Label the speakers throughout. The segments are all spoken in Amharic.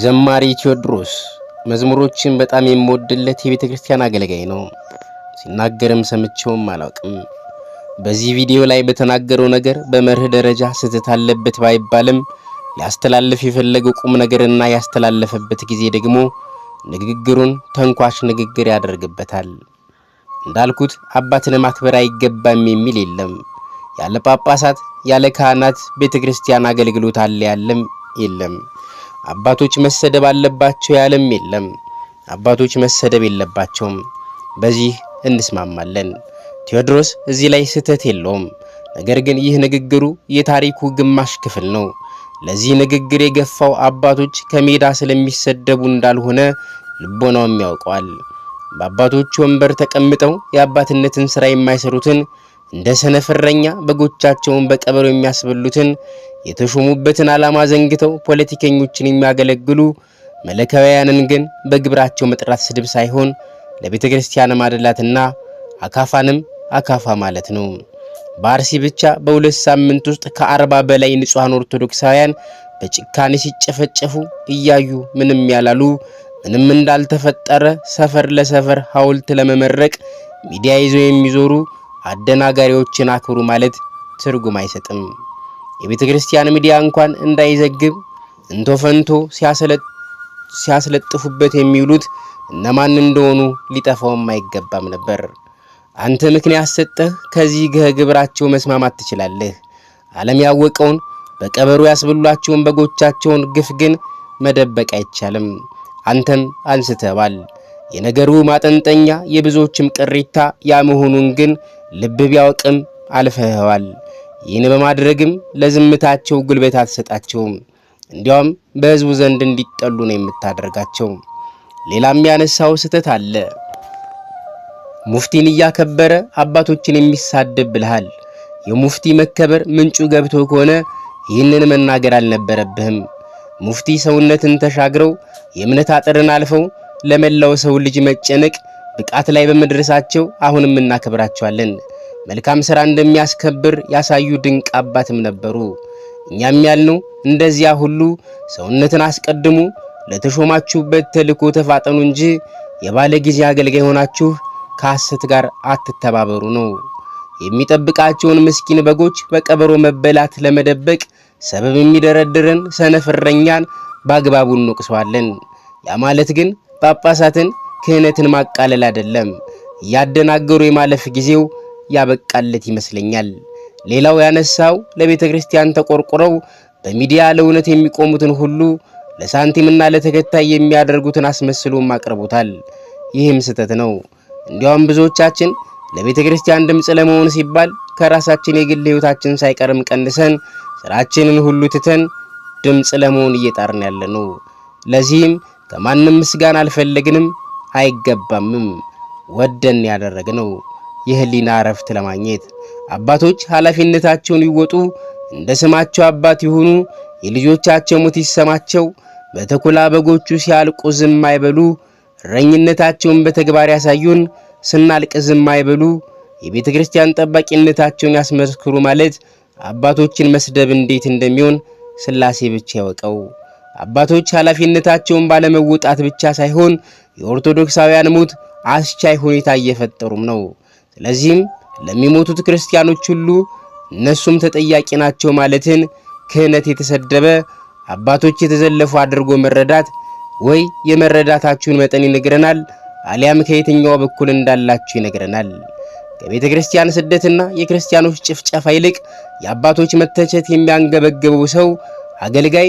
Speaker 1: ዘማሪ ቴዎድሮስ መዝሙሮችን በጣም የምወድለት የቤተ ክርስቲያን አገልጋይ ነው። ሲናገርም ሰምቼውም አላውቅም። በዚህ ቪዲዮ ላይ በተናገረው ነገር በመርህ ደረጃ ስህተት አለበት ባይባልም ሊያስተላልፍ የፈለገው ቁም ነገርና ያስተላለፈበት ጊዜ ደግሞ ንግግሩን ተንኳሽ ንግግር ያደርግበታል። እንዳልኩት አባትን ማክበር አይገባም የሚል የለም። ያለ ጳጳሳት፣ ያለ ካህናት ቤተ ክርስቲያን አገልግሎት አለ ያለም የለም። አባቶች መሰደብ አለባቸው ያለም የለም። አባቶች መሰደብ የለባቸውም። በዚህ እንስማማለን። ቴዎድሮስ እዚህ ላይ ስህተት የለውም። ነገር ግን ይህ ንግግሩ የታሪኩ ግማሽ ክፍል ነው። ለዚህ ንግግር የገፋው አባቶች ከሜዳ ስለሚሰደቡ እንዳልሆነ ልቦናውም ያውቀዋል። በአባቶች ወንበር ተቀምጠው የአባትነትን ሥራ የማይሰሩትን እንደ ሰነፍ እረኛ በጎቻቸውን በቀበሮ የሚያስበሉትን የተሾሙበትን ዓላማ ዘንግተው ፖለቲከኞችን የሚያገለግሉ መለከውያንን ግን በግብራቸው መጥራት ስድብ ሳይሆን ለቤተ ክርስቲያን ማደላትና አካፋንም አካፋ ማለት ነው። በአርሲ ብቻ በሁለት ሳምንት ውስጥ ከአርባ በላይ ንጹሐን ኦርቶዶክሳውያን በጭካኔ ሲጨፈጨፉ እያዩ ምንም ያላሉ ምንም እንዳልተፈጠረ ሰፈር ለሰፈር ሐውልት ለመመረቅ ሚዲያ ይዘው የሚዞሩ አደናጋሪዎችን አክብሩ ማለት ትርጉም አይሰጥም። የቤተ ክርስቲያን ሚዲያ እንኳን እንዳይዘግብ እንቶ ፈንቶ ሲያስለጥፉበት የሚውሉት እነማን እንደሆኑ ሊጠፋውም አይገባም ነበር። አንተ ምክንያት ሰጠህ፣ ከዚህ ግብራቸው መስማማት ትችላለህ። ዓለም ያወቀውን በቀበሮ ያስብሏቸውን በጎቻቸውን ግፍ ግን መደበቅ አይቻልም። አንተም አንስተዋል። የነገሩ ማጠንጠኛ የብዙዎችም ቅሪታ ያ መሆኑን ግን ልብ ቢያውቅም አልፈዋል። ይህን በማድረግም ለዝምታቸው ጉልበት አትሰጣቸውም። እንዲያውም በሕዝቡ ዘንድ እንዲጠሉ ነው የምታደርጋቸው። ሌላም ያነሳው ስህተት አለ። ሙፍቲን እያከበረ አባቶችን የሚሳደብ ብልሃል። የሙፍቲ መከበር ምንጩ ገብቶ ከሆነ ይህንን መናገር አልነበረብህም። ሙፍቲ ሰውነትን ተሻግረው የእምነት አጥርን አልፈው ለመላው ሰው ልጅ መጨነቅ ብቃት ላይ በመድረሳቸው አሁንም እናከብራቸዋለን። መልካም ሥራ እንደሚያስከብር ያሳዩ ድንቅ አባትም ነበሩ። እኛም ያልነው እንደዚያ ሁሉ ሰውነትን አስቀድሙ፣ ለተሾማችሁበት ተልእኮ ተፋጠኑ እንጂ የባለ ጊዜ አገልጋይ ሆናችሁ ከሐሰት ጋር አትተባበሩ ነው። የሚጠብቃቸውን ምስኪን በጎች በቀበሮ መበላት ለመደበቅ ሰበብ የሚደረድረን ሰነፍረኛን በአግባቡ እንወቅሰዋለን። ያ ማለት ግን ጳጳሳትን ክህነትን ማቃለል አይደለም ያደናገሩ የማለፍ ጊዜው ያበቃለት ይመስለኛል። ሌላው ያነሳው ለቤተ ክርስቲያን ተቆርቁረው በሚዲያ ለእውነት የሚቆሙትን ሁሉ ለሳንቲምና ለተከታይ የሚያደርጉትን አስመስሎም አቅርቦታል። ይህም ስህተት ነው። እንዲያውም ብዙዎቻችን ለቤተ ክርስቲያን ድምፅ ለመሆን ሲባል ከራሳችን የግል ሕይወታችን ሳይቀርም ቀንሰን ስራችንን ሁሉ ትተን ድምፅ ለመሆን እየጣርን ያለ ነው። ለዚህም ከማንም ምስጋና አልፈለግንም፣ አይገባምም። ወደን ያደረግ ነው የህሊና እረፍት ለማግኘት አባቶች ኃላፊነታቸውን ይወጡ፣ እንደ ስማቸው አባት ይሁኑ። የልጆቻቸው ሞት ይሰማቸው። በተኩላ በጎቹ ሲያልቁ ዝም አይበሉ። እረኝነታቸውን በተግባር ያሳዩን። ስናልቅ ዝም አይበሉ። የቤተ ክርስቲያን ጠባቂነታቸውን ያስመስክሩ ማለት አባቶችን መስደብ እንዴት እንደሚሆን ሥላሴ ብቻ ያወቀው። አባቶች ኃላፊነታቸውን ባለመወጣት ብቻ ሳይሆን የኦርቶዶክሳውያን ሞት አስቻይ ሁኔታ እየፈጠሩም ነው። ስለዚህም ለሚሞቱት ክርስቲያኖች ሁሉ እነሱም ተጠያቂ ናቸው ማለትን ክህነት የተሰደበ አባቶች የተዘለፉ አድርጎ መረዳት ወይ የመረዳታችሁን መጠን ይነግረናል፣ አሊያም ከየትኛው በኩል እንዳላችሁ ይነግረናል። ከቤተ ክርስቲያን ስደትና የክርስቲያኖች ጭፍጨፋ ይልቅ የአባቶች መተቸት የሚያንገበግበው ሰው አገልጋይ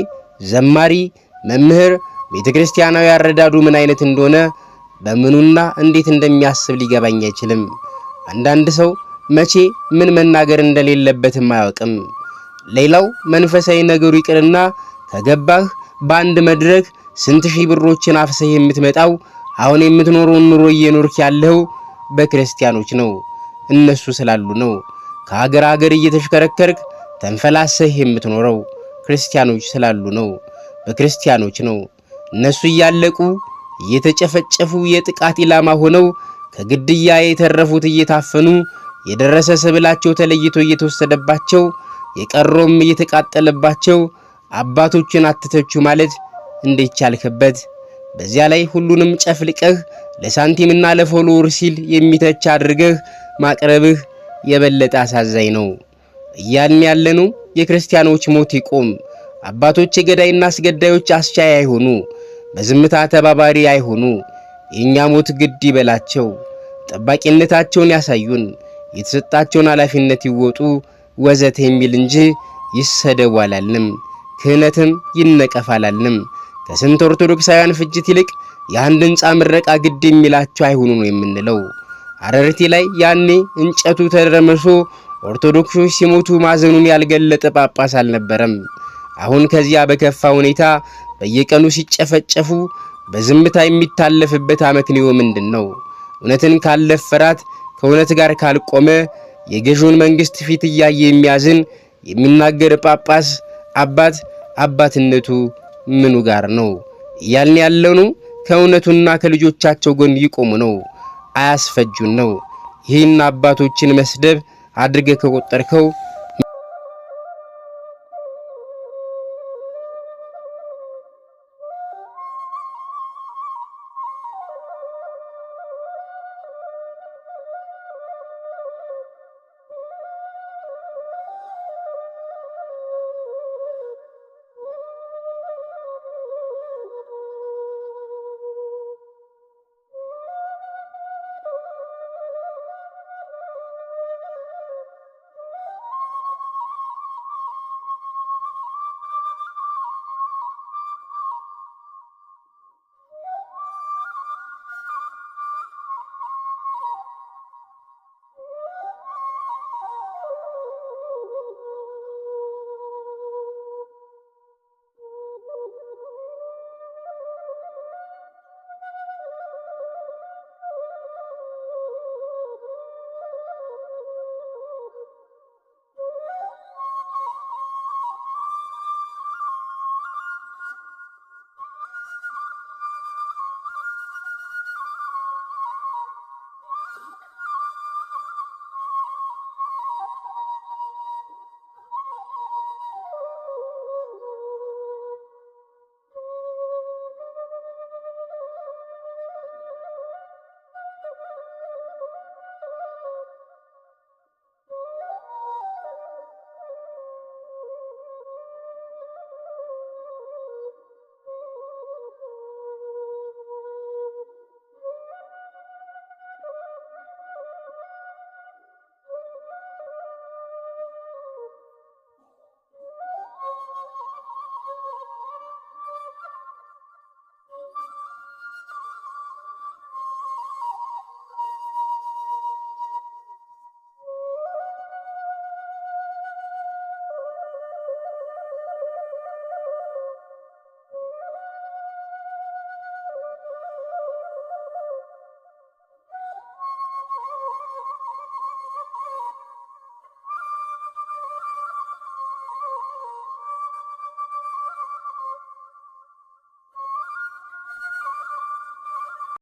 Speaker 1: ዘማሪ፣ መምህር፣ ቤተ ክርስቲያናዊ አረዳዱ ምን አይነት እንደሆነ በምኑና እንዴት እንደሚያስብ ሊገባኝ አይችልም። አንዳንድ ሰው መቼ ምን መናገር እንደሌለበትም አያውቅም። ሌላው መንፈሳዊ ነገሩ ይቅርና ከገባህ በአንድ መድረክ ስንት ሺህ ብሮችን አፍሰህ የምትመጣው አሁን የምትኖረውን ኑሮ እየኖርክ ያለው በክርስቲያኖች ነው፣ እነሱ ስላሉ ነው። ከሀገር ሀገር እየተሽከረከርክ ተንፈላሰህ የምትኖረው ክርስቲያኖች ስላሉ ነው። በክርስቲያኖች ነው። እነሱ እያለቁ እየተጨፈጨፉ የጥቃት ኢላማ ሆነው ከግድያ የተረፉት እየታፈኑ የደረሰ ሰብላቸው ተለይቶ እየተወሰደባቸው የቀሮም እየተቃጠለባቸው አባቶችን አትተቹ ማለት እንዴት ቻልክበት? በዚያ ላይ ሁሉንም ጨፍልቀህ ለሳንቲምና ለፎሎወር ሲል የሚተች አድርገህ ማቅረብህ የበለጠ አሳዛኝ ነው እያልን ያለነው የክርስቲያኖች ሞት ይቁም። አባቶች የገዳይና አስገዳዮች አስቻይ አይሆኑ፣ በዝምታ ተባባሪ አይሆኑ። የእኛ ሞት ግድ ይበላቸው። ጠባቂነታቸውን ያሳዩን፣ የተሰጣቸውን ኃላፊነት ይወጡ፣ ወዘተ የሚል እንጂ ይሰደቡ አላልንም። ክህነትም ይነቀፍ አላልንም። ከስንት ኦርቶዶክሳውያን ፍጅት ይልቅ የአንድ ሕንፃ ምረቃ ግድ የሚላቸው አይሆኑ ነው የምንለው። አረርቲ ላይ ያኔ እንጨቱ ተረመሶ ኦርቶዶክሶች ሲሞቱ ማዘኑን ያልገለጠ ጳጳስ አልነበረም። አሁን ከዚያ በከፋ ሁኔታ በየቀኑ ሲጨፈጨፉ በዝምታ የሚታለፍበት አመክንዮ ምንድን ነው? እውነትን ፍራት ከእውነት ጋር ካልቆመ የገዥውን መንግስት ፊት እያየ የሚያዝን የሚናገር ጳጳስ አባት አባትነቱ ምኑ ጋር ነው? እያልን ያለኑ ከእውነቱና ከልጆቻቸው ጎን ይቆሙ ነው፣ አያስፈጁን ነው። ይህን አባቶችን መስደብ አድርገህ ከቆጠርከው